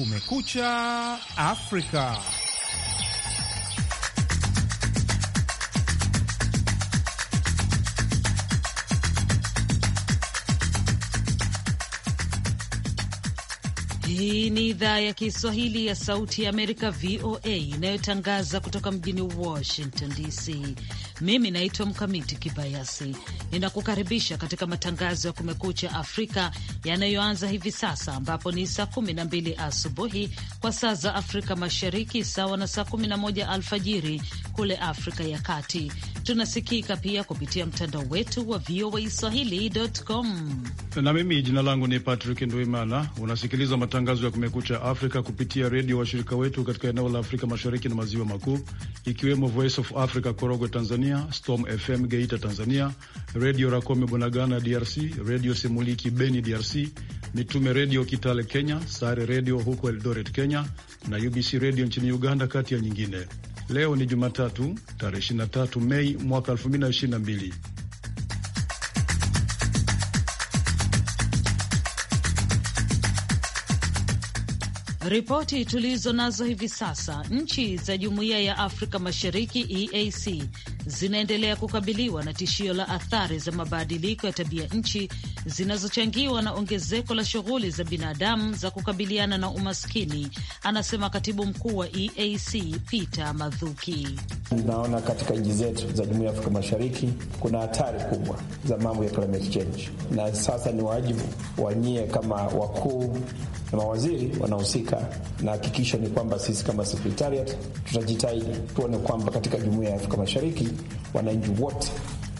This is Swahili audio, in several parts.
Kumekucha Afrika. Hii ni idhaa ya Kiswahili ya Sauti ya Amerika, VOA, inayotangaza kutoka mjini Washington DC. Mimi naitwa Mkamiti Kibayasi, ninakukaribisha katika matangazo ya Kumekucha Afrika yanayoanza hivi sasa, ambapo ni saa 12 asubuhi kwa saa za Afrika Mashariki, sawa na saa moja alfajiri kule Afrika ya Kati. Tunasikika pia kupitia mtandao wetu wa VOA Swahili.com. Na mimi jina langu ni Patrick Nduimana. Unasikiliza matangazo ya Kumekucha Afrika kupitia redio washirika wetu katika eneo la Afrika Mashariki na Maziwa Makuu, ikiwemo Voice of Africa Korogwe, Tanzania, Kenya, Storm FM Geita Tanzania, Redio Rakome Bunagana DRC, Redio Semuliki Beni DRC, Mitume Redio Kitale Kenya, Sare Redio huko Eldoret Kenya na UBC Redio nchini Uganda, kati ya nyingine. Leo ni Jumatatu tarehe 23 Mei mwaka 2022. Ripoti tulizo nazo hivi sasa, nchi za Jumuiya ya Afrika Mashariki EAC zinaendelea kukabiliwa na tishio la athari za mabadiliko ya tabia nchi zinazochangiwa na ongezeko la shughuli za binadamu za kukabiliana na umaskini, anasema katibu mkuu wa EAC Peter Madhuki. Tunaona katika nchi zetu za jumuiya ya Afrika Mashariki kuna hatari kubwa za mambo ya climate change, na sasa ni wajibu wanyie kama wakuu na mawaziri wanahusika, na hakikisho ni kwamba sisi kama sekretariat tutajitahidi tuone kwamba katika jumuiya ya Afrika Mashariki wananchi wote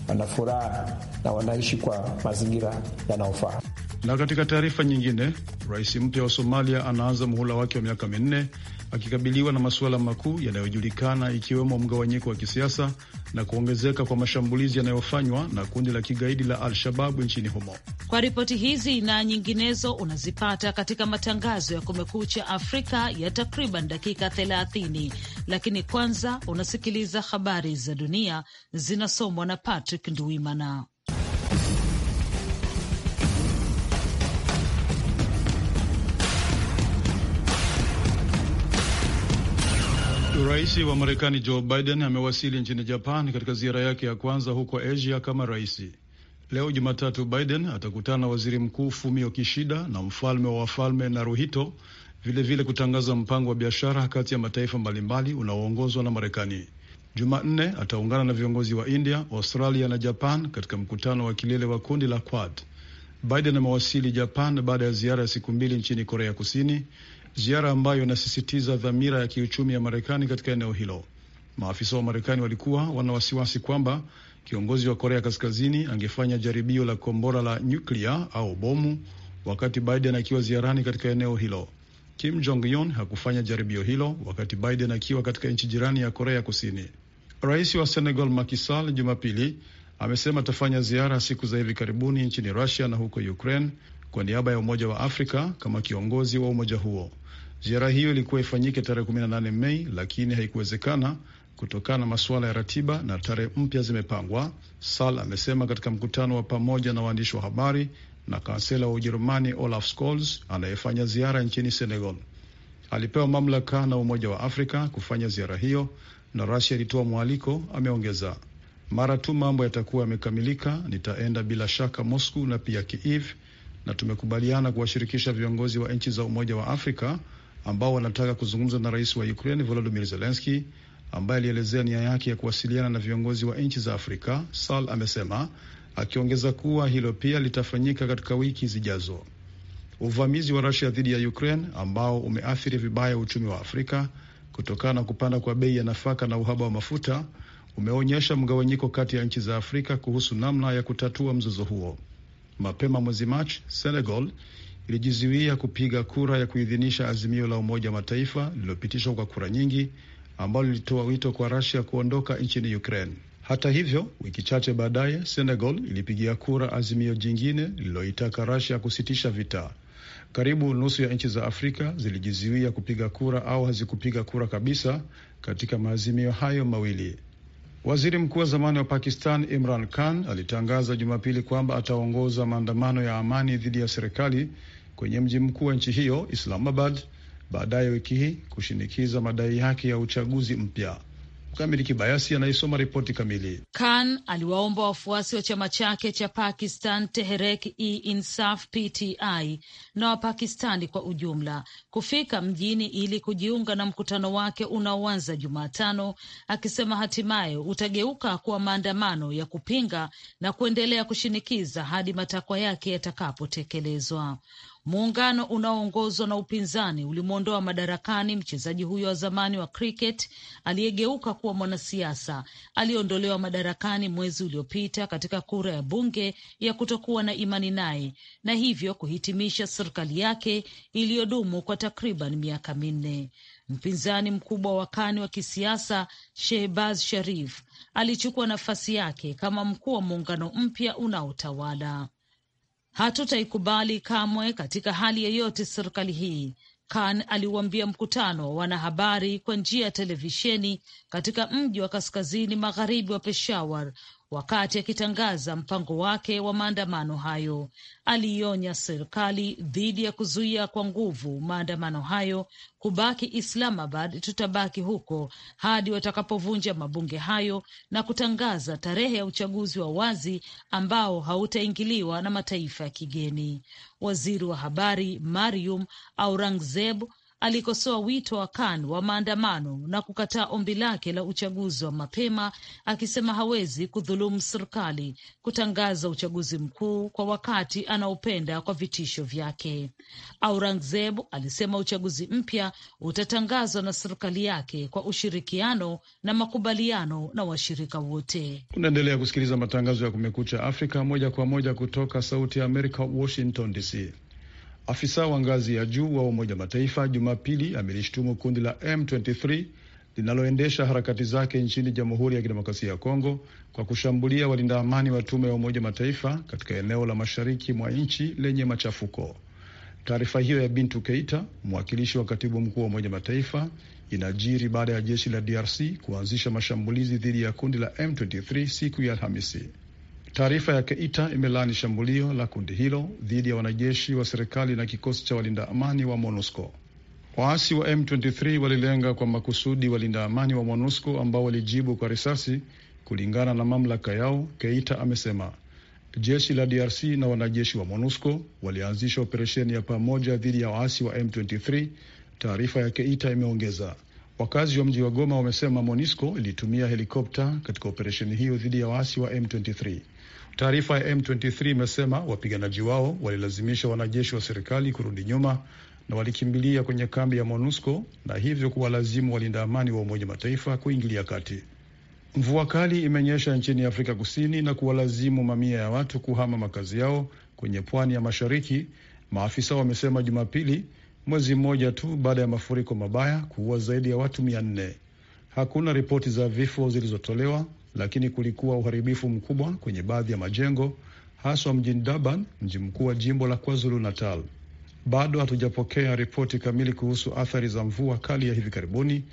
wana furaha na wanaishi kwa mazingira yanayofaa. Na katika taarifa nyingine, rais mpya wa Somalia anaanza muhula wake wa miaka minne akikabiliwa na masuala makuu yanayojulikana ikiwemo mgawanyiko wa kisiasa na kuongezeka kwa mashambulizi yanayofanywa na kundi la kigaidi la Al-Shababu nchini humo. Kwa ripoti hizi na nyinginezo unazipata katika matangazo ya Kumekucha Afrika ya takriban dakika 30, lakini kwanza unasikiliza habari za dunia zinasomwa na Patrick Nduimana. Rais wa Marekani Joe Biden amewasili nchini Japan katika ziara yake ya kwanza huko Asia kama rais. Leo Jumatatu, Biden atakutana na waziri mkuu Fumio Kishida na mfalme wa wafalme Naruhito, vilevile vile kutangaza mpango wa biashara kati ya mataifa mbalimbali unaoongozwa na Marekani. Jumanne ataungana na viongozi wa India, Australia na Japan katika mkutano wa kilele wa kundi la Quad. Biden amewasili Japan baada ya ziara ya siku mbili nchini Korea Kusini ziara ambayo inasisitiza dhamira ya kiuchumi ya Marekani katika eneo hilo. Maafisa wa Marekani walikuwa wana wasiwasi kwamba kiongozi wa Korea Kaskazini angefanya jaribio la kombora la nyuklia au bomu wakati Biden akiwa ziarani katika eneo hilo. Kim Jong Un hakufanya jaribio hilo wakati Biden akiwa katika nchi jirani ya Korea Kusini. Rais wa Senegal Macky Sall Jumapili amesema atafanya ziara siku za hivi karibuni nchini Russia na huko Ukraine kwa niaba ya Umoja wa Afrika kama kiongozi wa umoja huo. Ziara hiyo ilikuwa ifanyike tarehe 18 Mei, lakini haikuwezekana kutokana na masuala ya ratiba na tarehe mpya zimepangwa, Sal amesema katika mkutano wa pamoja na waandishi wa habari na kansela wa Ujerumani Olaf Scholz anayefanya ziara nchini Senegal. Alipewa mamlaka na Umoja wa Afrika kufanya ziara hiyo na Rasia ilitoa mwaliko, ameongeza. Mara tu mambo yatakuwa yamekamilika, nitaenda bila shaka Moscow na pia Kiev, na tumekubaliana kuwashirikisha viongozi wa nchi za Umoja wa Afrika ambao wanataka kuzungumza na rais wa Ukraine Volodymyr Zelensky ambaye alielezea nia yake ya kuwasiliana na viongozi wa nchi za Afrika. Sal amesema akiongeza kuwa hilo pia litafanyika katika wiki zijazo. Uvamizi wa Rusia dhidi ya Ukraine ambao umeathiri vibaya uchumi wa Afrika kutokana na kupanda kwa bei ya nafaka na uhaba wa mafuta umeonyesha mgawanyiko kati ya nchi za Afrika kuhusu namna ya kutatua mzozo huo. Mapema mwezi Machi, Senegal ilijizuia kupiga kura ya kuidhinisha azimio la Umoja wa Mataifa lililopitishwa kwa kura nyingi ambalo lilitoa wito kwa Russia kuondoka nchini Ukraine. Hata hivyo, wiki chache baadaye Senegal ilipigia kura azimio jingine lililoitaka Russia kusitisha vita. Karibu nusu ya nchi za Afrika zilijizuia kupiga kura au hazikupiga kura kabisa katika maazimio hayo mawili. Waziri mkuu wa zamani wa Pakistan Imran Khan alitangaza Jumapili kwamba ataongoza maandamano ya amani dhidi ya serikali kwenye mji mkuu wa nchi hiyo Islamabad baadaye wiki hii kushinikiza madai yake ya uchaguzi mpya. Mkamili Kibayasi anaisoma ripoti kamili. Khan aliwaomba wafuasi wa chama chake cha Pakistan Tehrek-e-Insaf PTI na Wapakistani kwa ujumla kufika mjini ili kujiunga na mkutano wake unaoanza Jumatano, akisema hatimaye utageuka kuwa maandamano ya kupinga na kuendelea kushinikiza hadi matakwa yake yatakapotekelezwa. Muungano unaoongozwa na upinzani ulimwondoa madarakani mchezaji huyo wa zamani wa cricket aliyegeuka kuwa mwanasiasa aliyeondolewa madarakani mwezi uliopita katika kura ya bunge ya kutokuwa na imani naye na hivyo kuhitimisha serikali yake iliyodumu kwa takriban miaka minne. Mpinzani mkubwa wa kani wa kisiasa Shehbaz Sharif alichukua nafasi yake kama mkuu wa muungano mpya unaotawala hatutaikubali kamwe katika hali yoyote serikali hii, Khan aliuambia mkutano wa wanahabari kwa njia ya televisheni katika mji wa kaskazini magharibi wa Peshawar wakati akitangaza mpango wake wa maandamano hayo. Aliionya serikali dhidi ya kuzuia kwa nguvu maandamano hayo. Kubaki Islamabad, tutabaki huko hadi watakapovunja mabunge hayo na kutangaza tarehe ya uchaguzi wa wazi ambao hautaingiliwa na mataifa ya kigeni. Waziri wa habari Mariam Aurangzeb alikosoa wito wa Khan wa maandamano na kukataa ombi lake la uchaguzi wa mapema, akisema hawezi kudhulumu serikali kutangaza uchaguzi mkuu kwa wakati anaopenda kwa vitisho vyake. Aurangzeb alisema uchaguzi mpya utatangazwa na serikali yake kwa ushirikiano na makubaliano na washirika wote. Unaendelea kusikiliza matangazo ya Kumekucha Afrika moja kwa moja kutoka Sauti ya Amerika, Washington DC. Afisa wa ngazi ya juu wa Umoja Mataifa Jumapili amelishtumu kundi la M23 linaloendesha harakati zake nchini Jamhuri ya Kidemokrasia ya Kongo kwa kushambulia walinda amani wa tume ya Umoja Mataifa katika eneo la mashariki mwa nchi lenye machafuko. Taarifa hiyo ya Bintu Keita, mwakilishi wa katibu mkuu wa Umoja Mataifa, inajiri baada ya jeshi la DRC kuanzisha mashambulizi dhidi ya kundi la M23 siku ya Alhamisi. Taarifa ya Keita imelaani shambulio la kundi hilo dhidi ya wanajeshi wa serikali na kikosi cha walinda amani wa MONUSCO. Waasi wa M23 walilenga kwa makusudi walinda amani wa MONUSCO ambao walijibu kwa risasi, kulingana na mamlaka yao, Keita amesema. Jeshi la DRC na wanajeshi wa MONUSCO walianzisha operesheni ya pamoja dhidi ya waasi wa M23, taarifa ya Keita imeongeza. Wakazi wa mji wa Goma wamesema MONUSCO ilitumia helikopta katika operesheni hiyo dhidi ya waasi wa M23. Taarifa ya M23 imesema wapiganaji wao walilazimisha wanajeshi wa serikali kurudi nyuma na walikimbilia kwenye kambi ya MONUSCO na hivyo kuwalazimu walinda amani wa Umoja Mataifa kuingilia kati. Mvua kali imenyesha nchini Afrika Kusini na kuwalazimu mamia ya watu kuhama makazi yao kwenye pwani ya mashariki, maafisa wamesema Jumapili, mwezi mmoja tu baada ya mafuriko mabaya kuua zaidi ya watu mia nne. Hakuna ripoti za vifo zilizotolewa lakini kulikuwa uharibifu mkubwa kwenye baadhi ya majengo haswa mjini Durban, mji mkuu wa jimbo la KwaZulu Natal. Bado hatujapokea ripoti kamili kuhusu athari za mvua kali ya hivi karibuni,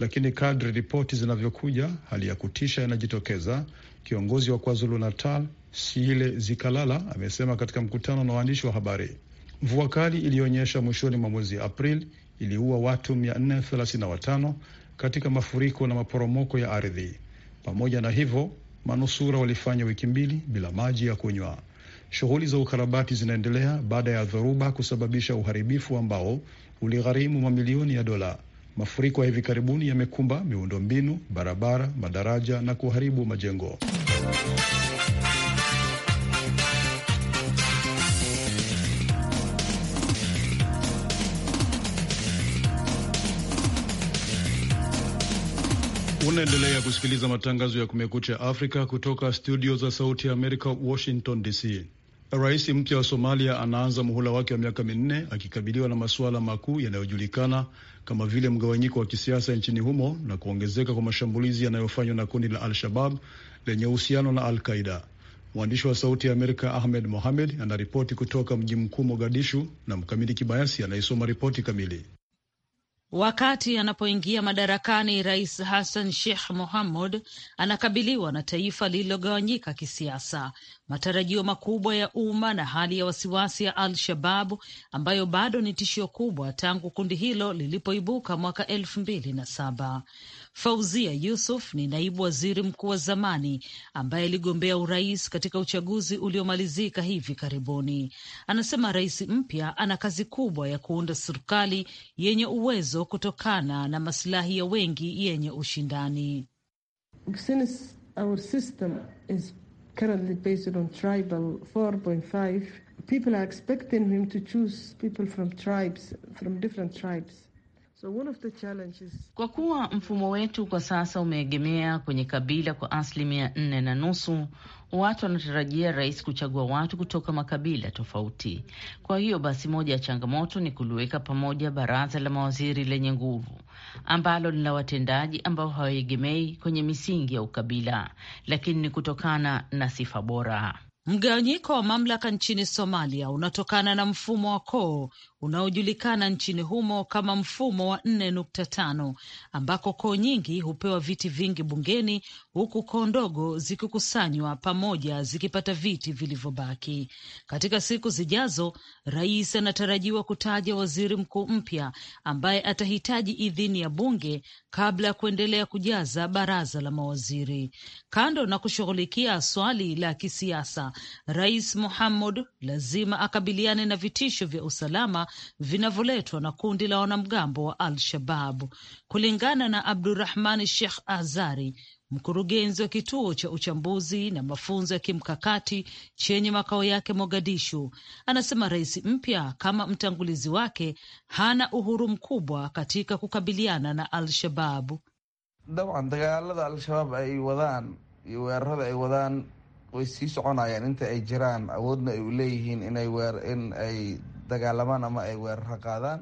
lakini kadri ripoti zinavyokuja, hali ya kutisha inajitokeza. Kiongozi wa KwaZulu Natal Sile Zikalala amesema katika mkutano na waandishi wa habari, mvua kali iliyoonyesha mwishoni mwa mwezi Aprili iliua watu 435 katika mafuriko na maporomoko ya ardhi. Pamoja na hivyo, manusura walifanya wiki mbili bila maji ya kunywa. Shughuli za ukarabati zinaendelea baada ya dhoruba kusababisha uharibifu ambao uligharimu mamilioni ya dola. Mafuriko ya hivi karibuni yamekumba miundombinu, barabara, madaraja na kuharibu majengo. Unaendelea kusikiliza matangazo ya Kumekucha Afrika kutoka studio za Sauti ya Amerika, Washington DC. Rais mpya wa Somalia anaanza muhula wake wa miaka minne akikabiliwa na masuala makuu yanayojulikana kama vile mgawanyiko wa kisiasa nchini humo na kuongezeka kwa mashambulizi yanayofanywa na kundi la Al-Shabab lenye uhusiano na Al-Qaida. Mwandishi wa Sauti ya Amerika Ahmed Mohamed anaripoti kutoka mji mkuu Mogadishu na Mkamili Kibayasi anayesoma ripoti kamili. Wakati anapoingia madarakani, Rais Hassan Sheikh Mohamud anakabiliwa na taifa lililogawanyika kisiasa, matarajio makubwa ya umma na hali ya wasiwasi ya Al-Shababu ambayo bado ni tishio kubwa tangu kundi hilo lilipoibuka mwaka elfu mbili na saba. Fauzia Yusuf ni naibu waziri mkuu wa zamani ambaye aligombea urais katika uchaguzi uliomalizika hivi karibuni. Anasema rais mpya ana kazi kubwa ya kuunda serikali yenye uwezo kutokana na masilahi ya wengi yenye ushindani. So one of the challenges... kwa kuwa mfumo wetu kwa sasa umeegemea kwenye kabila kwa asilimia nne na nusu, watu wanatarajia rais kuchagua watu kutoka makabila tofauti. Kwa hiyo basi, moja ya changamoto ni kuliweka pamoja baraza la mawaziri lenye nguvu ambalo lina watendaji ambao hawaegemei kwenye misingi ya ukabila, lakini ni kutokana na sifa bora. Mgawanyiko wa mamlaka nchini Somalia unatokana na mfumo wa koo unaojulikana nchini humo kama mfumo wa 4.5 ambako koo nyingi hupewa viti vingi bungeni huku koo ndogo zikikusanywa pamoja zikipata viti vilivyobaki. Katika siku zijazo, rais anatarajiwa kutaja waziri mkuu mpya ambaye atahitaji idhini ya bunge kabla ya kuendelea kujaza baraza la mawaziri. Kando na kushughulikia swali la kisiasa, Rais muhamud lazima akabiliane na vitisho vya usalama vinavyoletwa na kundi la wanamgambo wa Al-Shabab, kulingana na Abdurahman Sheikh Azari, mkurugenzi wa kituo cha uchambuzi na mafunzo ya kimkakati chenye makao yake Mogadishu. Anasema rais mpya kama mtangulizi wake hana uhuru mkubwa katika kukabiliana na Al-Shababu. Dabcan dagaalada Al-Shabaab ay wadaan iyo weerarada ay wadaan way sii soconayaan inta ay jiraan awoodna ay u leeyihiin inay weer in ay dagaalamaan ama ay weerara qaadaan.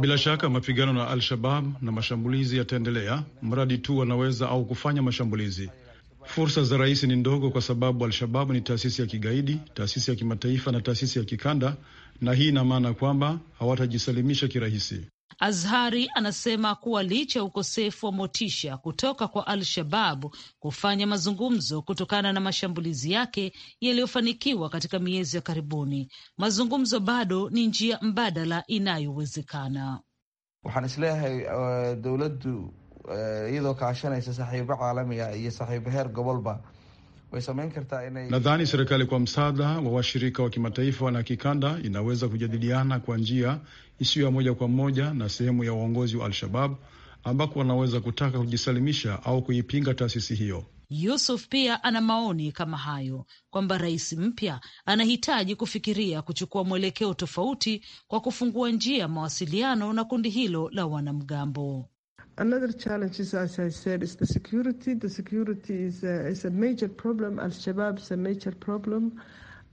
Bila shaka mapigano na al shabab na mashambulizi yataendelea mradi tu wanaweza au kufanya mashambulizi. Fursa za rais ni ndogo, kwa sababu al shabab ni taasisi ya kigaidi, taasisi ya kimataifa na taasisi ya kikanda, na hii ina maana kwamba hawatajisalimisha kirahisi. Azhari anasema kuwa licha ya ukosefu wa motisha kutoka kwa Al-Shabab kufanya mazungumzo kutokana na mashambulizi yake yaliyofanikiwa katika miezi ya karibuni, mazungumzo bado ni njia mbadala inayowezekana. Waxaan isleeyahay uh, eh, dowladdu eh, iyadoo kaashanaysa saxiibo caalamiga iyo saxiibo heer gobolba Nadhani serikali kwa msaada wa washirika wa kimataifa na kikanda inaweza kujadiliana kwa njia isiyo ya moja kwa moja na sehemu ya uongozi wa Al-Shabab ambako wanaweza kutaka kujisalimisha au kuipinga taasisi hiyo. Yusuf pia ana maoni kama hayo kwamba rais mpya anahitaji kufikiria kuchukua mwelekeo tofauti kwa kufungua njia ya mawasiliano na kundi hilo la wanamgambo.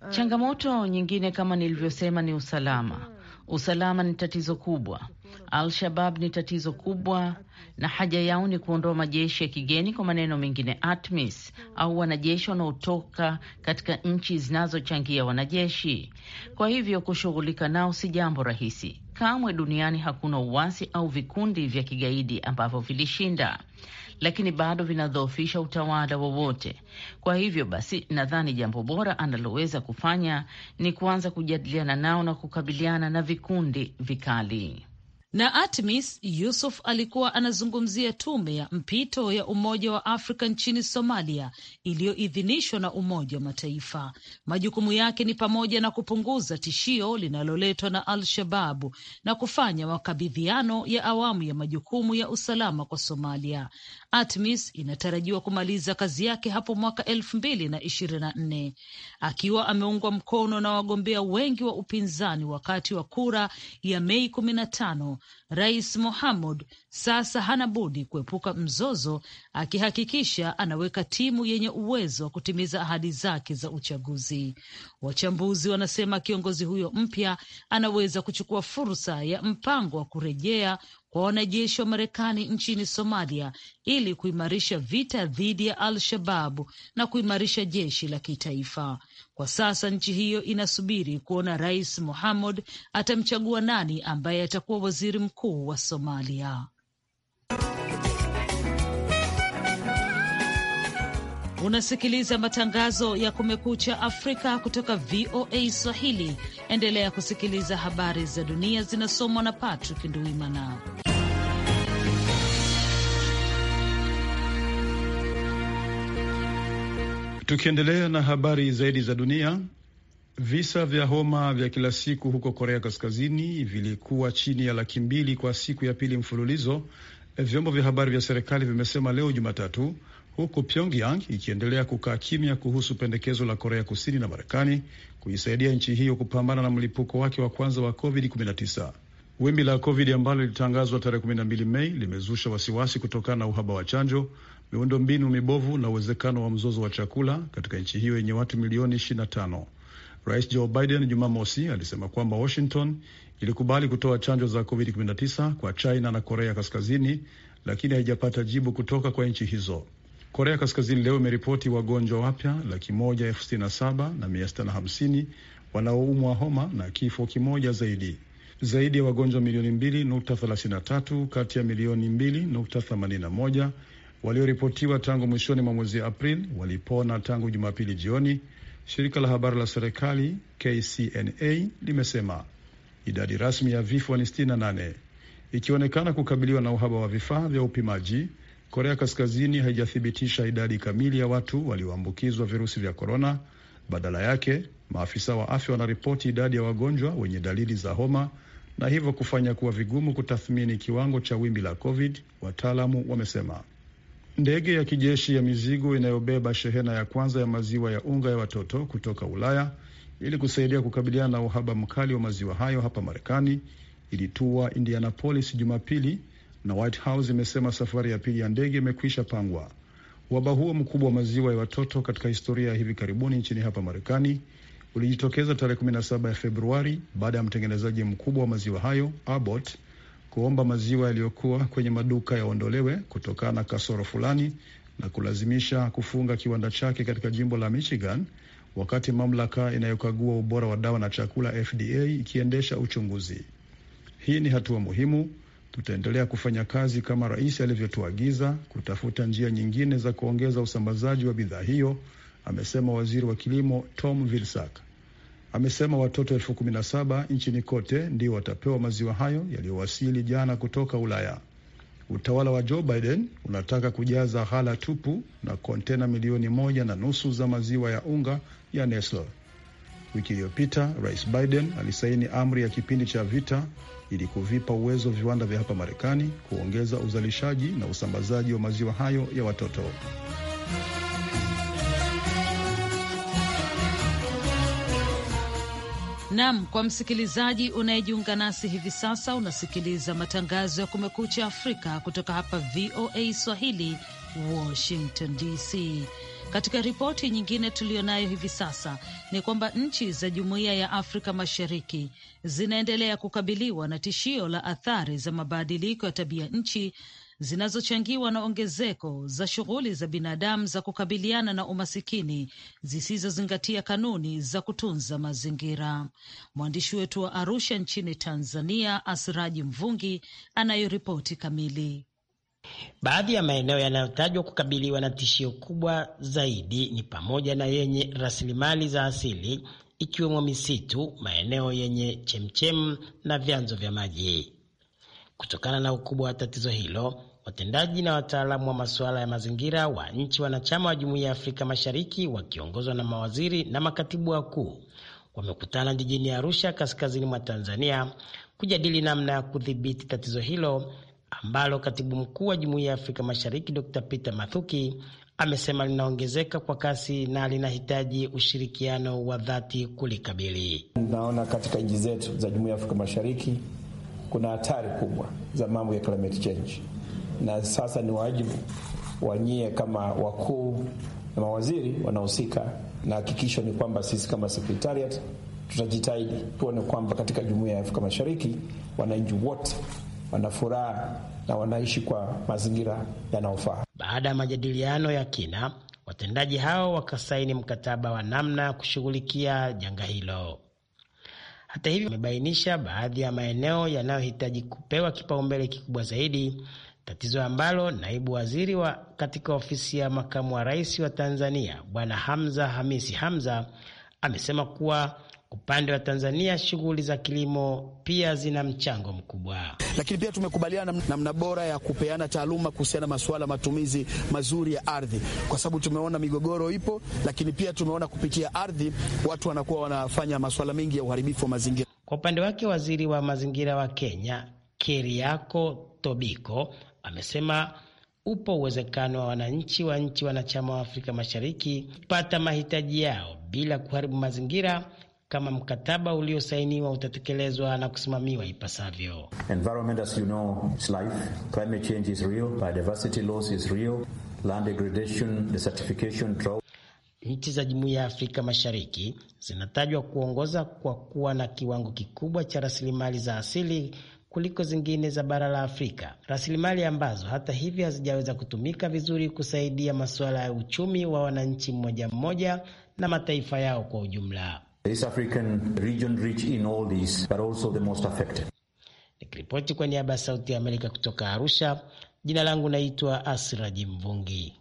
Changamoto nyingine kama nilivyosema ni usalama. Usalama ni tatizo kubwa, Al-Shabab ni tatizo kubwa, na haja yao ni kuondoa majeshi ya kigeni, kwa maneno mengine ATMIS au wanajeshi wanaotoka katika nchi zinazochangia wanajeshi. Kwa hivyo kushughulika nao si jambo rahisi kamwe. Duniani hakuna uasi au vikundi vya kigaidi ambavyo vilishinda lakini bado vinadhoofisha utawala wowote. Kwa hivyo basi, nadhani jambo bora analoweza kufanya ni kuanza kujadiliana nao na kukabiliana na vikundi vikali na Atmis Yusuf alikuwa anazungumzia tume ya mpito ya Umoja wa Afrika nchini Somalia iliyoidhinishwa na Umoja wa Mataifa. Majukumu yake ni pamoja na kupunguza tishio linaloletwa na Al-Shababu na kufanya makabidhiano ya awamu ya majukumu ya usalama kwa Somalia. Atmis inatarajiwa kumaliza kazi yake hapo mwaka elfu mbili na ishirini na nne akiwa ameungwa mkono na wagombea wengi wa upinzani wakati wa kura ya Mei kumi na tano Rais Mohamud sasa hana budi kuepuka mzozo, akihakikisha anaweka timu yenye uwezo wa kutimiza ahadi zake za uchaguzi. Wachambuzi wanasema kiongozi huyo mpya anaweza kuchukua fursa ya mpango wa kurejea kwa wanajeshi wa Marekani nchini Somalia ili kuimarisha vita dhidi ya Al-Shababu na kuimarisha jeshi la kitaifa. Kwa sasa nchi hiyo inasubiri kuona Rais Mohamud atamchagua nani ambaye atakuwa waziri mkuu wa Somalia. Unasikiliza matangazo ya Kumekucha Afrika kutoka VOA Swahili. Endelea kusikiliza habari za dunia zinasomwa na Patrick Nduimana. Tukiendelea na habari zaidi za dunia, visa vya homa vya kila siku huko Korea Kaskazini vilikuwa chini ya laki mbili kwa siku ya pili mfululizo, vyombo vya habari vya serikali vimesema leo Jumatatu, huku Pyongyang ikiendelea kukaa kimya kuhusu pendekezo la Korea Kusini na Marekani kuisaidia nchi hiyo kupambana na mlipuko wake wa kwanza wa COVID-19. Wimbi la COVID ambalo lilitangazwa tarehe 12 Mei limezusha wasiwasi kutokana na uhaba wa chanjo miundombinu mibovu na uwezekano wa mzozo wa chakula katika nchi hiyo yenye watu milioni 25. Rais Joe Biden Jumamosi alisema kwamba Washington ilikubali kutoa chanjo za COVID-19 kwa China na Korea Kaskazini, lakini haijapata jibu kutoka kwa nchi hizo. Korea Kaskazini leo imeripoti wagonjwa wapya laki moja elfu sitini na saba na mia sita na hamsini wanaoumwa homa na kifo kimoja zaidi. Zaidi ya wagonjwa milioni mbili nukta thelathini na tatu kati ya milioni mbili nukta themanini na moja walioripotiwa tangu mwishoni mwa mwezi april walipona tangu Jumapili jioni, shirika la habari la serikali KCNA limesema. Idadi rasmi ya vifo ni 68. Ikionekana kukabiliwa na uhaba wa vifaa vya upimaji, Korea Kaskazini haijathibitisha idadi kamili ya watu walioambukizwa virusi vya korona. Badala yake, maafisa wa afya wanaripoti idadi ya wagonjwa wenye dalili za homa na hivyo kufanya kuwa vigumu kutathmini kiwango cha wimbi la COVID, wataalamu wamesema. Ndege ya kijeshi ya mizigo inayobeba shehena ya kwanza ya maziwa ya unga ya watoto kutoka Ulaya ili kusaidia kukabiliana na uhaba mkali wa maziwa hayo hapa Marekani ilitua Indianapolis Jumapili, na White House imesema safari ya pili ya ndege imekwisha pangwa. uhaba huo mkubwa wa maziwa ya watoto katika historia ya hivi karibuni nchini hapa Marekani ulijitokeza tarehe 17 ya Februari baada ya mtengenezaji mkubwa wa maziwa hayo Abbott kuomba maziwa yaliyokuwa kwenye maduka yaondolewe kutokana na kasoro fulani na kulazimisha kufunga kiwanda chake katika jimbo la Michigan, wakati mamlaka inayokagua ubora wa dawa na chakula FDA ikiendesha uchunguzi. Hii ni hatua muhimu. Tutaendelea kufanya kazi kama rais alivyotuagiza kutafuta njia nyingine za kuongeza usambazaji wa bidhaa hiyo, amesema waziri wa kilimo Tom Vilsack amesema watoto elfu kumi na saba nchini kote ndio watapewa maziwa hayo yaliyowasili jana kutoka Ulaya. Utawala wa Joe Biden unataka kujaza ghala tupu na kontena milioni moja na nusu za maziwa ya unga ya Nestle. Wiki iliyopita Rais Biden alisaini amri ya kipindi cha vita ili kuvipa uwezo viwanda vya hapa Marekani kuongeza uzalishaji na usambazaji wa maziwa hayo ya watoto. Nam, kwa msikilizaji unayejiunga nasi hivi sasa, unasikiliza matangazo ya Kumekucha Afrika kutoka hapa VOA Swahili, Washington DC. Katika ripoti nyingine tuliyonayo hivi sasa ni kwamba nchi za Jumuiya ya Afrika Mashariki zinaendelea kukabiliwa na tishio la athari za mabadiliko ya tabia nchi zinazochangiwa na ongezeko za shughuli za binadamu za kukabiliana na umasikini zisizozingatia kanuni za kutunza mazingira. Mwandishi wetu wa Arusha nchini Tanzania, Asiraji Mvungi anayoripoti kamili. Baadhi ya maeneo yanayotajwa kukabiliwa na tishio kubwa zaidi ni pamoja na yenye rasilimali za asili ikiwemo misitu, maeneo yenye chemchem na vyanzo vya maji. Kutokana na ukubwa wa tatizo hilo, watendaji na wataalamu wa masuala ya mazingira wa nchi wanachama wa Jumuiya ya Afrika Mashariki wakiongozwa na mawaziri na makatibu wakuu wamekutana jijini Arusha, kaskazini mwa Tanzania, kujadili namna ya kudhibiti tatizo hilo ambalo katibu mkuu wa Jumuiya ya Afrika Mashariki Dr Peter Mathuki amesema linaongezeka kwa kasi na linahitaji ushirikiano wa dhati kulikabili. Naona katika nchi zetu za Jumuiya ya Afrika Mashariki kuna hatari kubwa za mambo ya climate change na sasa ni wajibu wanyie kama wakuu na mawaziri wanahusika, na hakikisho ni kwamba sisi kama sekretariat tutajitahidi tuone kwamba katika jumuiya ya Afrika Mashariki wananchi wote wana furaha na wanaishi kwa mazingira yanayofaa. Baada ya majadiliano ya kina, watendaji hao wakasaini mkataba wa namna ya kushughulikia janga hilo. Hata hivyo, wamebainisha baadhi ya maeneo yanayohitaji kupewa kipaumbele kikubwa zaidi tatizo ambalo naibu waziri wa katika ofisi ya makamu wa rais wa Tanzania Bwana Hamza Hamisi Hamza amesema kuwa upande wa Tanzania shughuli za kilimo pia zina mchango mkubwa, lakini pia tumekubaliana namna bora ya kupeana taaluma kuhusiana masuala matumizi mazuri ya ardhi, kwa sababu tumeona migogoro ipo, lakini pia tumeona kupitia ardhi watu wanakuwa wanafanya masuala mengi ya uharibifu wa mazingira. Kwa upande wake, waziri wa mazingira wa Kenya Keriako Tobiko amesema upo uwezekano wa wananchi wa nchi wanachama wa Afrika Mashariki kupata mahitaji yao bila kuharibu mazingira kama mkataba uliosainiwa utatekelezwa na kusimamiwa ipasavyo. Environment as you know, is life. Climate change is real. Biodiversity loss is real. Land degradation, desertification, drought. Nchi za Jumuiya ya Afrika Mashariki zinatajwa kuongoza kwa kuwa na kiwango kikubwa cha rasilimali za asili kuliko zingine za bara la Afrika, rasilimali ambazo hata hivyo hazijaweza kutumika vizuri kusaidia masuala ya uchumi wa wananchi mmoja mmoja na mataifa yao kwa ujumla. Nikiripoti kwa niaba ya Sauti ya Amerika kutoka Arusha, jina langu naitwa Asiraji Mvungi.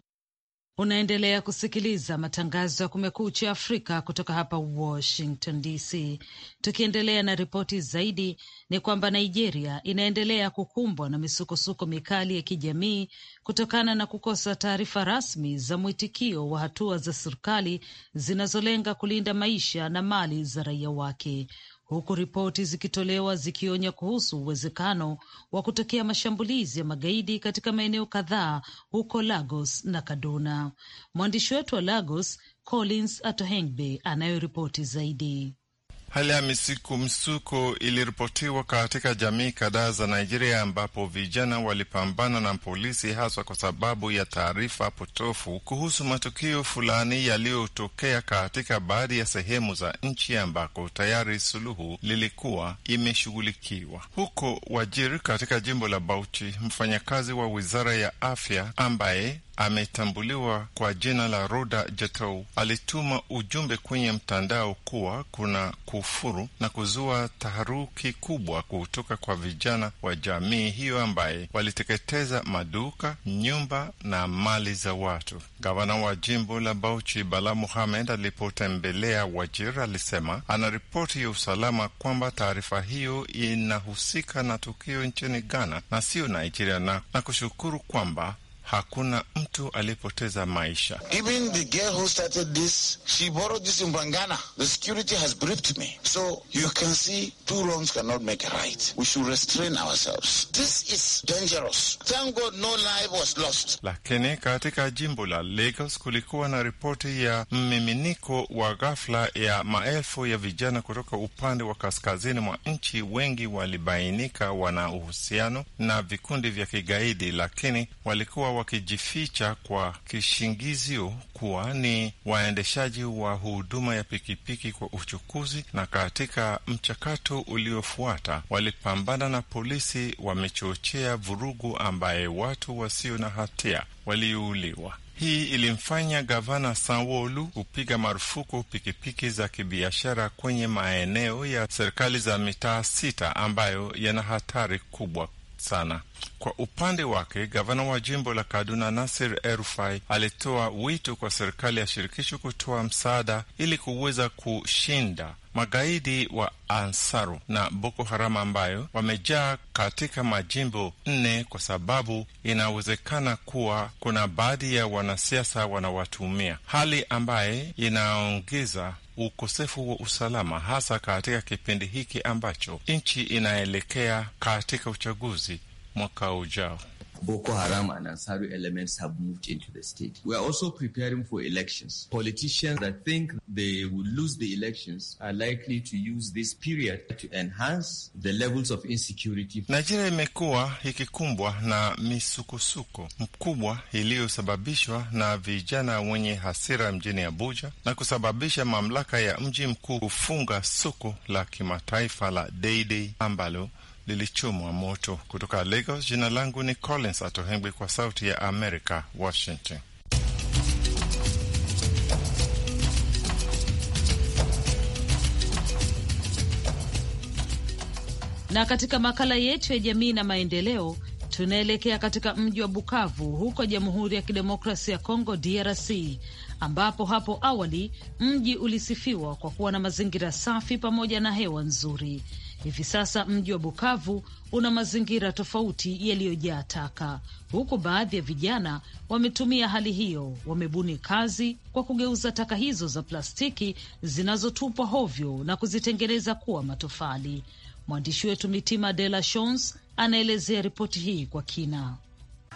Unaendelea kusikiliza matangazo ya Kumekucha Afrika kutoka hapa Washington DC. Tukiendelea na ripoti zaidi, ni kwamba Nigeria inaendelea kukumbwa na misukosuko mikali ya kijamii kutokana na kukosa taarifa rasmi za mwitikio wa hatua za serikali zinazolenga kulinda maisha na mali za raia wake huku ripoti zikitolewa zikionya kuhusu uwezekano wa kutokea mashambulizi ya magaidi katika maeneo kadhaa huko Lagos na Kaduna. Mwandishi wetu wa Lagos Collins Atohengbe anayoripoti zaidi. Hali ya msuko iliripotiwa katika jamii kadhaa za Nigeria ambapo vijana walipambana na polisi haswa kwa sababu ya taarifa potofu kuhusu matukio fulani yaliyotokea katika baadhi ya sehemu za nchi ambako tayari suluhu lilikuwa imeshughulikiwa. Huko Wajir katika jimbo la Bauchi, mfanyakazi wa wizara ya afya ambaye ametambuliwa kwa jina la Roda jatou alituma ujumbe kwenye mtandao kuwa kuna kufuru na kuzua taharuki kubwa kutoka kwa vijana wa jamii hiyo ambaye waliteketeza maduka, nyumba na mali za watu. Gavana wa jimbo la Bauchi Bala Muhamed alipotembelea Wajir alisema ana ripoti ya usalama kwamba taarifa hiyo inahusika na tukio nchini Ghana na sio Nigeria na, na kushukuru kwamba hakuna mtu aliyepoteza maisha. Even the girl who started this, she borrowed this in The security has briefed me. So you can see two wrongs cannot make a right. We should restrain ourselves. This is dangerous. Thank God no life was lost. Lakini katika jimbo la Lagos kulikuwa na ripoti ya mmiminiko wa ghafla ya maelfu ya vijana kutoka upande wa kaskazini mwa nchi. Wengi walibainika wana uhusiano na vikundi vya kigaidi, lakini walikuwa wakijificha kwa kishingizio kuwa ni waendeshaji wa huduma ya pikipiki kwa uchukuzi, na katika mchakato uliofuata walipambana na polisi, wamechochea vurugu ambaye watu wasio na hatia waliuliwa. Hii ilimfanya gavana Sanwolu kupiga marufuku pikipiki za kibiashara kwenye maeneo ya serikali za mitaa sita ambayo yana hatari kubwa sana. Kwa upande wake, gavana wa jimbo la Kaduna Nasir Erufai alitoa wito kwa serikali ya shirikisho kutoa msaada ili kuweza kushinda magaidi wa Ansaru na Boko Haram ambayo wamejaa katika majimbo nne, kwa sababu inawezekana kuwa kuna baadhi ya wanasiasa wanawatumia, hali ambaye inaongeza ukosefu wa usalama, hasa katika kipindi hiki ambacho nchi inaelekea katika uchaguzi mwaka ujao. Boko Haram and Ansari elements have moved into the state. We are also preparing for elections. Politicians that think they will lose the elections are likely to use this period to enhance the levels of insecurity. Nigeria imekuwa ikikumbwa na misukosuko mkubwa iliyosababishwa na vijana wenye hasira mjini Abuja na kusababisha mamlaka ya mji mkuu kufunga soko la kimataifa la Dei Dei ambalo lilichomwa moto. Kutoka Lagos, jina langu ni Collins Atohengwi kwa Sauti ya america Washington. Na katika makala yetu ya jamii na maendeleo tunaelekea katika mji wa Bukavu huko Jamhuri ya Kidemokrasia ya Kongo, DRC, ambapo hapo awali mji ulisifiwa kwa kuwa na mazingira safi pamoja na hewa nzuri. Hivi sasa mji wa Bukavu una mazingira tofauti yaliyojaa taka, huku baadhi ya vijana wametumia hali hiyo, wamebuni kazi kwa kugeuza taka hizo za plastiki zinazotupwa hovyo na kuzitengeneza kuwa matofali. Mwandishi wetu Mitima De La Shons anaelezea ripoti hii kwa kina.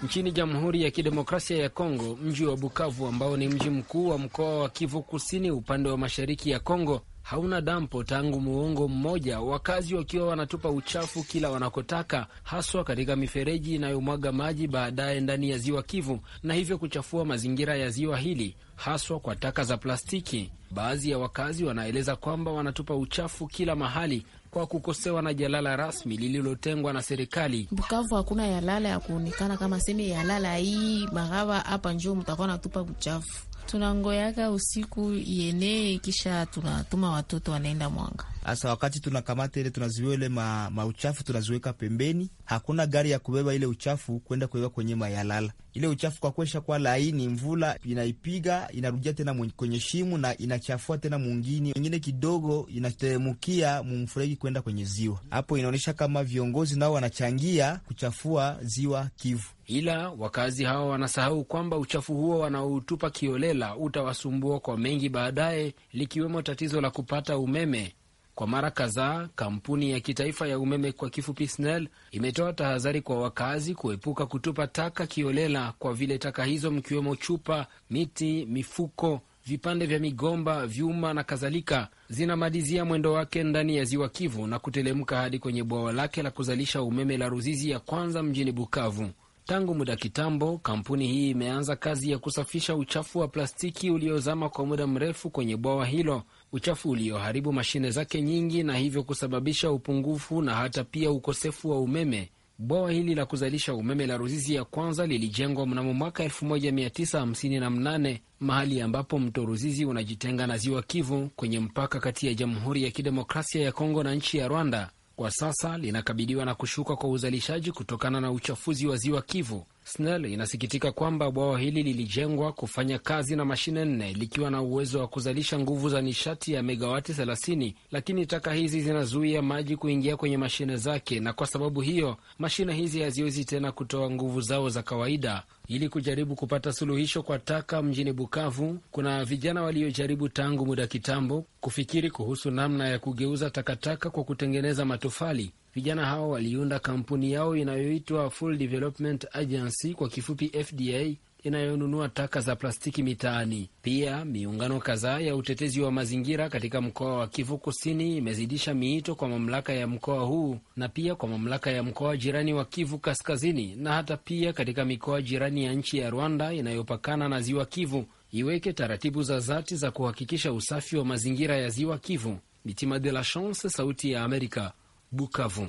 Nchini Jamhuri ya Kidemokrasia ya Kongo, mji wa Bukavu ambao ni mji mkuu wa mkoa wa Kivu Kusini upande wa mashariki ya Kongo hauna dampo tangu muongo mmoja, wakazi wakiwa wanatupa uchafu kila wanakotaka, haswa katika mifereji inayomwaga maji baadaye ndani ya ziwa Kivu na hivyo kuchafua mazingira ya ziwa hili haswa kwa taka za plastiki. Baadhi ya wakazi wanaeleza kwamba wanatupa uchafu kila mahali kwa kukosewa na jalala rasmi lililotengwa na serikali. Bukavu hakuna jalala ya kuonekana kama seme jalala hii marava hapa, njoo mtakuwa natupa uchafu tunangoyaka usiku ienee, kisha tunatuma watoto wanaenda mwanga sasa wakati tunakamata ile tunaziwa ile ma, mauchafu tunaziweka pembeni, hakuna gari ya kubeba ile uchafu kwenda kuweka kwenye mayalala. Ile uchafu kwa kuesha kwa laini, mvula inaipiga inarudia tena kwenye shimu na inachafua tena mwingine wengine, kidogo inateremukia mumfuregi kwenda kwenye ziwa. Hapo inaonyesha kama viongozi nao wanachangia kuchafua ziwa Kivu, ila wakazi hawa wanasahau kwamba uchafu huo wanaoutupa kiolela utawasumbua kwa mengi baadaye, likiwemo tatizo la kupata umeme kwa mara kadhaa, kampuni ya kitaifa ya umeme kwa kifupi SNEL imetoa tahadhari kwa wakazi kuepuka kutupa taka kiolela, kwa vile taka hizo mkiwemo chupa, miti, mifuko vipande vya migomba, vyuma na kadhalika zinamalizia mwendo wake ndani ya ziwa Kivu na kutelemka hadi kwenye bwawa lake la kuzalisha umeme la Ruzizi ya kwanza mjini Bukavu. Tangu muda kitambo, kampuni hii imeanza kazi ya kusafisha uchafu wa plastiki uliozama kwa muda mrefu kwenye bwawa hilo uchafu ulioharibu mashine zake nyingi na hivyo kusababisha upungufu na hata pia ukosefu wa umeme. Bwawa hili la kuzalisha umeme la Ruzizi ya kwanza lilijengwa mnamo mwaka 1958 mahali ambapo mto Ruzizi unajitenga na ziwa Kivu kwenye mpaka kati ya Jamhuri ya Kidemokrasia ya Kongo na nchi ya Rwanda. Kwa sasa linakabiliwa na kushuka kwa uzalishaji kutokana na uchafuzi wa ziwa Kivu. SNEL inasikitika kwamba bwawa hili lilijengwa kufanya kazi na mashine nne likiwa na uwezo wa kuzalisha nguvu za nishati ya megawati 30, lakini taka hizi zinazuia maji kuingia kwenye mashine zake, na kwa sababu hiyo mashine hizi haziwezi tena kutoa nguvu zao za kawaida. Ili kujaribu kupata suluhisho kwa taka mjini Bukavu, kuna vijana waliojaribu tangu muda kitambo kufikiri kuhusu namna ya kugeuza takataka kwa kutengeneza matofali Vijana hao waliunda kampuni yao inayoitwa Full Development Agency, kwa kifupi FDA, inayonunua taka za plastiki mitaani. Pia miungano kadhaa ya utetezi wa mazingira katika mkoa wa Kivu Kusini imezidisha miito kwa mamlaka ya mkoa huu na pia kwa mamlaka ya mkoa jirani wa Kivu Kaskazini na hata pia katika mikoa jirani ya nchi ya Rwanda inayopakana na ziwa Kivu iweke taratibu za dhati za kuhakikisha usafi wa mazingira ya ziwa Kivu. Mitima de la Chance, Sauti ya Amerika, Bukavu.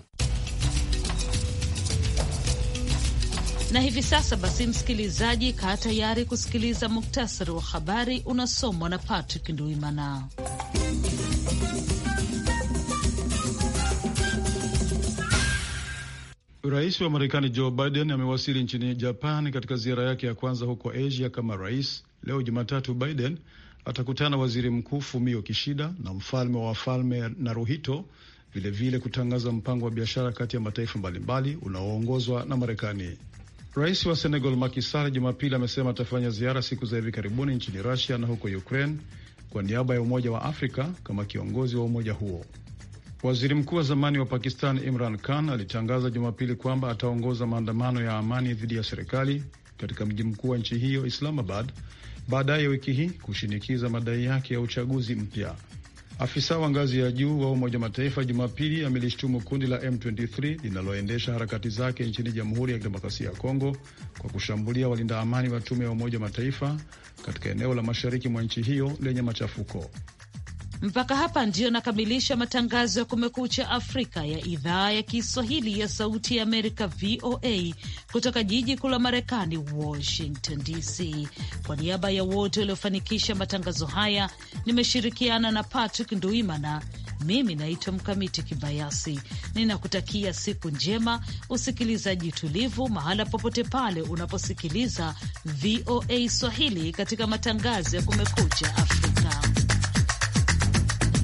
Na hivi sasa basi, msikilizaji, kaa tayari kusikiliza muktasari wa habari unasomwa na Patrick Nduimana. Rais wa Marekani Joe Biden amewasili nchini Japan katika ziara yake ya kwanza huko Asia kama rais. Leo Jumatatu, Biden atakutana waziri mkuu Fumio Kishida na mfalme wa wafalme Naruhito vilevile kutangaza mpango wa biashara kati ya mataifa mbalimbali unaoongozwa na Marekani. Rais wa Senegal Macky Sall Jumapili amesema atafanya ziara siku za hivi karibuni nchini rasia na huko Ukraine kwa niaba ya Umoja wa Afrika kama kiongozi wa umoja huo. Waziri mkuu wa zamani wa Pakistan Imran Khan alitangaza Jumapili kwamba ataongoza maandamano ya amani dhidi ya serikali katika mji mkuu wa nchi hiyo Islamabad baadaye wiki hii kushinikiza madai yake ya uchaguzi mpya. Afisa wa ngazi ya juu wa Umoja Mataifa Jumapili amelishtumu kundi la M23 linaloendesha harakati zake nchini Jamhuri ya Kidemokrasia ya Kongo kwa kushambulia walinda amani wa tume ya Umoja Mataifa katika eneo la mashariki mwa nchi hiyo lenye machafuko. Mpaka hapa ndio nakamilisha matangazo ya Kumekucha Afrika ya idhaa ya Kiswahili ya Sauti ya Amerika, VOA, kutoka jiji kuu la Marekani, Washington DC. Kwa niaba ya wote waliofanikisha matangazo haya, nimeshirikiana na Patrick Nduimana. Mimi naitwa Mkamiti Kibayasi, ninakutakia siku njema, usikilizaji tulivu, mahala popote pale unaposikiliza VOA Swahili katika matangazo ya Kumekucha Afrika.